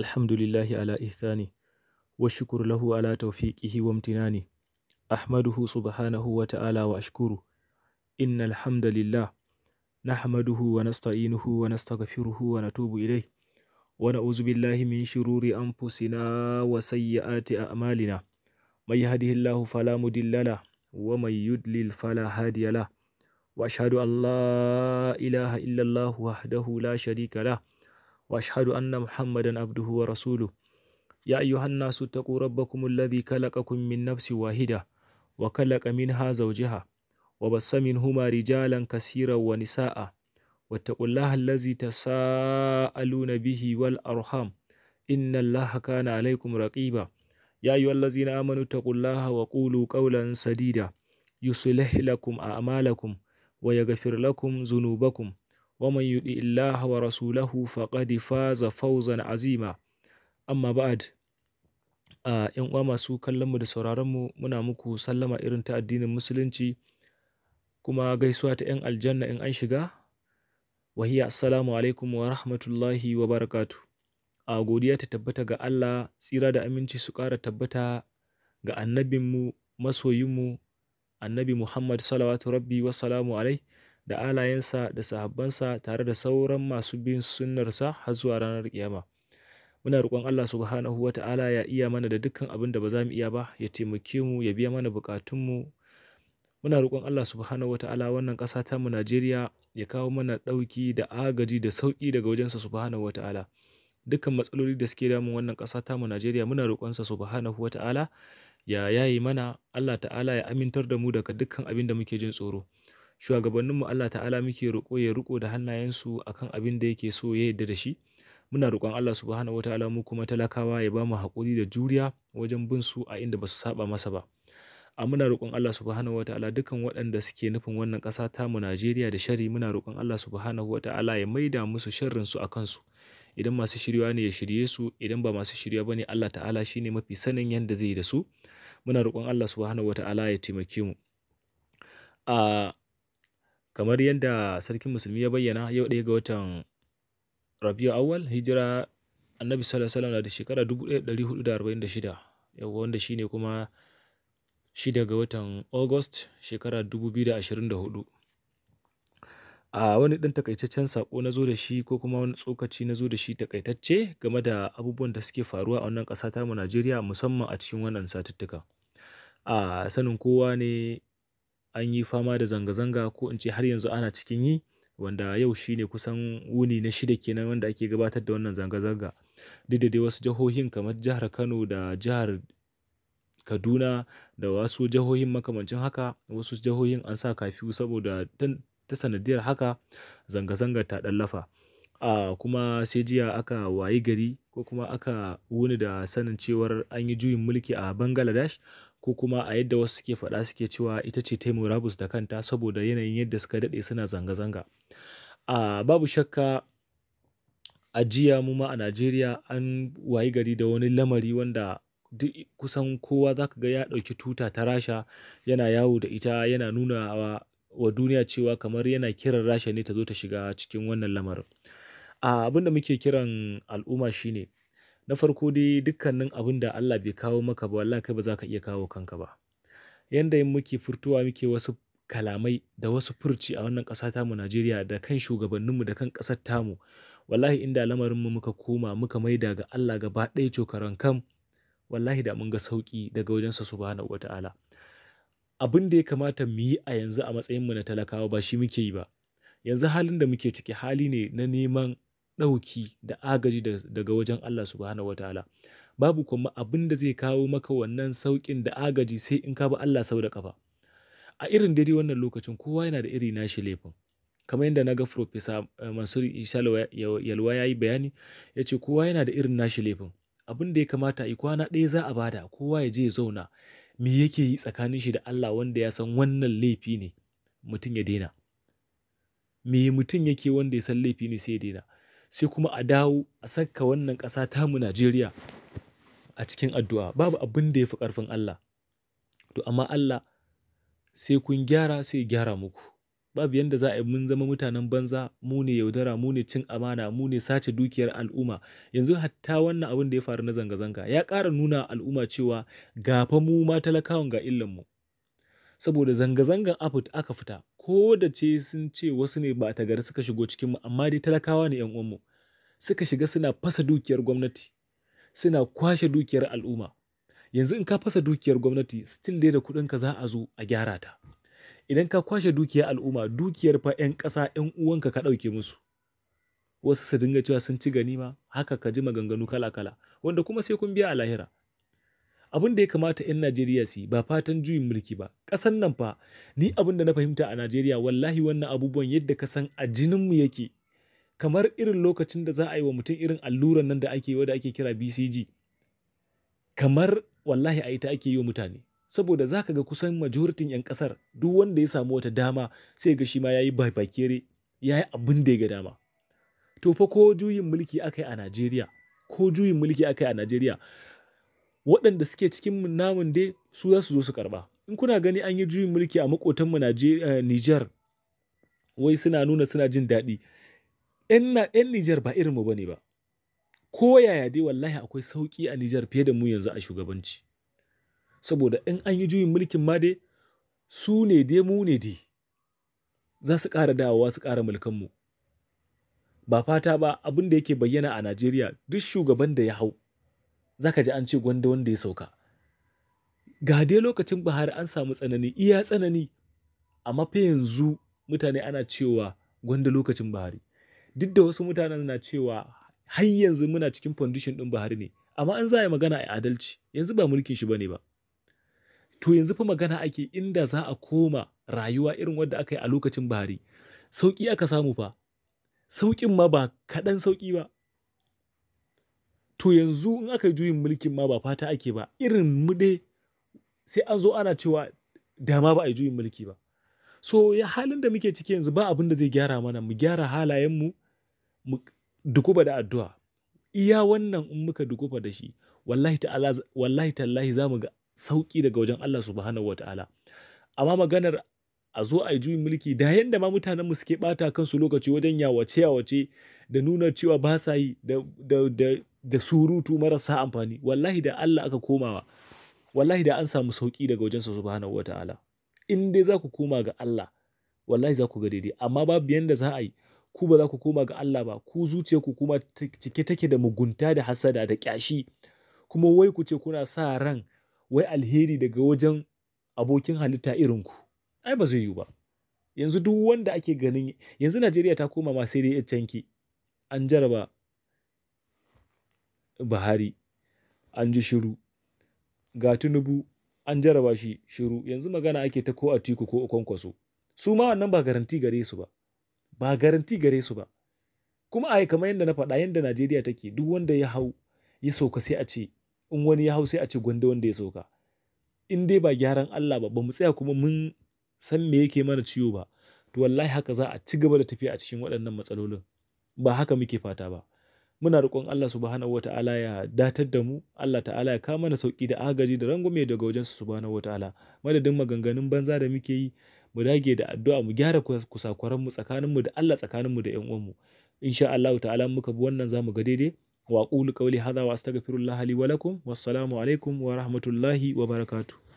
الحمد لله على إحسانه والشكر له على توفيقه وامتنانه أحمده سبحانه وتعالى وأشكره إن الحمد لله نحمده ونستعينه ونستغفره ونتوب إليه ونعوذ بالله من شرور أنفسنا وسيئات أعمالنا من يهده الله فلا مضل له ومن يضلل فلا هادي له وأشهد أن لا إله إلا الله وحده لا شريك له واشهد ان محمدا عبده ورسوله يا ايها الناس اتقوا ربكم الذي خلقكم من نفس واحده وخلق منها زوجها وبث منهما رجالا كثيرا ونساء واتقوا الله الذي تساءلون به والارحام ان الله كان عليكم رقيبا يا ايها الذين امنوا اتقوا الله وقولوا قولا سديدا يصلح لكم اعمالكم ويغفر لكم ذنوبكم ومن يطع الله ورسوله فقد فاز فوزا عظيما أما بعد a yan uwa masu kallon mu da sauraron mu muna muku sallama irin ta addinin musulunci kuma gaisuwa ta yan aljanna in an shiga wahiya assalamu alaikum wa rahmatullahi wa barakatu a godiya ta tabbata ga Allah tsira da aminci su ƙara tabbata ga annabinmu masoyinmu annabi Muhammad salawatu rabbi wa salamu da alayensa da sahabbansa tare da sauran masu bin sunnarsa har zuwa ranar kiyama muna roƙon Allah subhanahu wa ta'ala ya iya mana da dukkan abin da ba za mu iya ba ya taimake mu ya biya mana mu muna roƙon Allah subhanahu wa ta'ala wannan ƙasa ta mu Najeriya ya kawo mana ɗauki da agaji da sauƙi daga wajensa subhanahu wa ta'ala dukkan matsaloli da suke damun wannan ƙasa ta mu Najeriya muna roƙonsa subhanahu wa ta'ala ya yayi mana Allah ta'ala ya amintar da mu daga dukkan abin da muke jin tsoro shugabanninmu Allah ta'ala muke roƙo ya riko da hannayensu akan abin da yake so ya yarda da shi muna roƙon Allah subhanahu wataala mu kuma talakawa ya bamu haƙuri da juriya wajen bin su a inda ba su saba masa ba a muna roƙon Allah subhanahu wataala dukan waɗanda suke nufin wannan ƙasa ta mu Najeriya da shari muna roƙon Allah subhanahu wataala ya maida musu sharrin su akan su idan masu shiryawa ne ya shirye su idan ba masu shirya ba ne Allah ta'ala shine mafi sanin yanda zai yi da su muna roƙon Allah subhanahu wataala ya taimake mu a ah, Kamar yadda sarkin musulmi ya bayyana yau ɗaya ga watan Rabi'u Awwal hijira Annabi sallallahu alaihi wasallam na da shekara 1446 yau wanda shine kuma shida ga watan August shekara 2024. A wani ɗan takaitaccen saƙo na zo da shi ko kuma wani tsokaci na zo da shi takaitacce game da abubuwan da suke faruwa a wannan ƙasa ta mu Najeriya musamman a cikin wannan satuttuka. A sanin kowa ne an yi fama da zanga-zanga ko in ce har yanzu ana cikin yi wanda yau shine kusan wuni na shida kenan wanda ake gabatar da wannan zanga-zanga duk da dai wasu jihohin kamar jihar Kano da jihar Kaduna da wasu jihohin makamancin haka wasu jihohin an sa kafiyu saboda ta sanadiyar haka zanga zanga ta ɗallafa a kuma sai jiya aka wayi gari ko kuma aka wuni da sanin cewar an yi juyin mulki a Bangladesh ko kuma a yadda wasu suke faɗa suke cewa ita ce ta murabus da kanta saboda yanayin yadda suka daɗe suna zanga-zanga a babu shakka a jiya mu ma a najeriya an wayi gari da wani lamari wanda duk kusan kowa za ka ga ya ɗauki tuta ta rasha yana yawo da ita yana nuna wa, duniya cewa kamar yana kiran rasha ne ta zo ta shiga cikin wannan lamarin abin da muke kiran al'umma shine Na farko dai dukkanin abin da Allah bai kawo maka ba wallahi kai ba za ka iya kawo kanka ba. Yanda muke furtuwa muke wasu kalamai da wasu furci a wannan ƙasa tamu Najeriya da kan shugabanninmu da kan ƙasar tamu wallahi inda mu muka koma muka maida ga Allah gaba ɗaya cokaran kan, wallahi da mun ga sauƙi daga wajensa subhanahu wata'ala abin da ya kamata mu yi a yanzu a matsayin mu na talakawa ba shi muke yi ba yanzu halin da muke ciki hali ne na neman ɗauki da agaji daga wajen Allah subhanahu ta'ala babu kuma abin da zai kawo maka wannan saukin da agaji sai in ka bi Allah sau da kafa a irin daidai wannan lokacin kowa yana da iri nashi laifin kamar yadda na ga Profesa eh, Mansur Yalwa ya yi bayani ya ce kowa yana da irin nashi laifin abin da ya kamata yi kwana ɗaya za a bada kowa ya je ya zauna me yake yi tsakanin shi da Allah wanda ya san wannan laifi ne mutum ya daina me mutum yake wanda ya san laifi ne sai ya daina sai kuma a dawo a saka wannan ƙasa tamu Najeriya a cikin addu'a babu abin da ya fi ƙarfin Allah to amma Allah sai kun gyara sai gyara muku babu yadda za a yi mun zama mutanen banza mu ne yaudara mu ne cin amana mu ne sace dukiyar al'umma yanzu hatta wannan abin da ya faru na zanga-zanga ya ƙara nuna al'umma cewa gafa mu ma talakawan ga illan mu saboda zanga-zangan aka fita ko da ce sun ce wasu ne ba a gari suka shigo cikinmu amma dai talakawa ne yan uwanmu suka shiga suna fasa dukiyar gwamnati suna kwashe dukiyar al'umma yanzu in ka fasa dukiyar gwamnati still dai da kuɗinka za a zo a gyara ta idan ka kwashe dukiyar al'umma dukiyar fa 'yan ƙasa 'yan uwanka ka ɗauke musu wasu su dinga cewa sun ci ganima haka ka ji maganganu kala-kala wanda kuma sai kun biya a lahira abin da ya kamata 'yan Najeriya su ba fatan juyin mulki ba ƙasan nan fa ni abin da na fahimta a Najeriya wallahi wannan abubuwan yadda ka san a jinin mu yake kamar irin lokacin da za a yi wa mutum irin alluran nan da ake yi ake kira BCG kamar wallahi a ita ake yi wa mutane saboda za ka ga kusan majoritin 'yan ƙasar duk wanda ya samu wata dama sai ga shi ma ya yi bakere ya yi abin da ya ga dama to fa ko juyin mulki aka yi a Najeriya ko juyin mulki aka yi a Najeriya waɗanda suke cikin namun dai su za su zo su karɓa in kuna gani an yi juyin mulki a makotanmu Nijar eh, wai suna nuna suna jin daɗi ‘yan Nijar ba irinmu ba ne ba ko yaya dai wallahi akwai sauki a Nijar fiye da mu yanzu a shugabanci saboda in an yi juyin mulkin ma dai su ne dai mu ne dai za su ƙara dawowa su ƙara mulkanmu ba fata ba abin da yake bayyana a Najeriya duk shugaban da ya hau Za ka ji an ce gwanda wanda ya sauka ga dai lokacin buhari an samu tsanani iya tsanani amma fa yanzu mutane ana cewa gwanda lokacin buhari duk da wasu mutane na cewa har yanzu muna cikin foundation ɗin buhari ne amma an za a yi magana a adalci yanzu ba mulkin shi ne ba to yanzu fa magana ake inda za a koma rayuwa irin wadda aka yi a lokacin buhari sauki aka samu fa sauƙin ma ba kaɗan sauƙi ba to yanzu in aka yi juyin mulkin ma ba fata ake ba irin mu dai sai an zo ana cewa dama ba a yi juyin mulki ba so ya halin da muke ciki yanzu ba abin da zai gyara mana mu gyara halayenmu mu dukuba da addu'a iya wannan in muka dukuba da shi wallahi ta'ala wallahi tallahi zamu ga sauki daga wajen Allah subhanahu wataala amma maganar a zo a yi juyin mulki da yanda ma mutanen mu suke bata kansu lokaci wajen yawace yawace da nuna cewa ba sa yi da da surutu marasa amfani wallahi da Allah aka komawa wallahi da an samu sauki daga wajensa subhanahu wataala in dai za ku koma ga Allah wallahi za ku ga daidai amma babu yanda za a yi ku ba za ku koma ga Allah ba ku zuciya ku kuma cike take da mugunta da hasada da kyashi kuma wai ku ce kuna sa ran wai alheri daga wajen abokin halitta irin ku ai ba zai yiwu ba yanzu duk wanda ake ganin yanzu Najeriya ta koma ma sai dai canki an jaraba Buhari an ji shiru. Ga Tinubu an jaraba shi shiru. Yanzu magana ake ta ko a Atiku ko Kwankwaso. Su ma wannan ba garanti gare su ba. Ba garanti gare su ba. Kuma a kamar yadda na faɗa yadda Najeriya take duk wanda ya hau ya sauka sai a ce in wani ya hau sai a ce gwanda wanda ya sauka. In dai ba gyaran Allah ba ba mu tsaya kuma mun san me yake mana ciwo ba. To wallahi haka za a ci gaba da tafiya a cikin waɗannan matsalolin. Ba haka muke fata ba. muna roƙon Allah subhanahu wata'ala ya datar da mu Allah ta'ala ya kama mana sauki da agaji da rangume daga wajen su subhanahu wata'ala madadin maganganun banza da muke yi mu dage da addu'a mu gyara kusakwaran mu tsakanin mu da Allah tsakanin mu da ƴan uwan mu insha Allah ta'ala muka bi wannan zamu ga daidai wa qulu qawli hadha wa astaghfirullaha li wa lakum wassalamu alaikum wa rahmatullahi wa barakatuh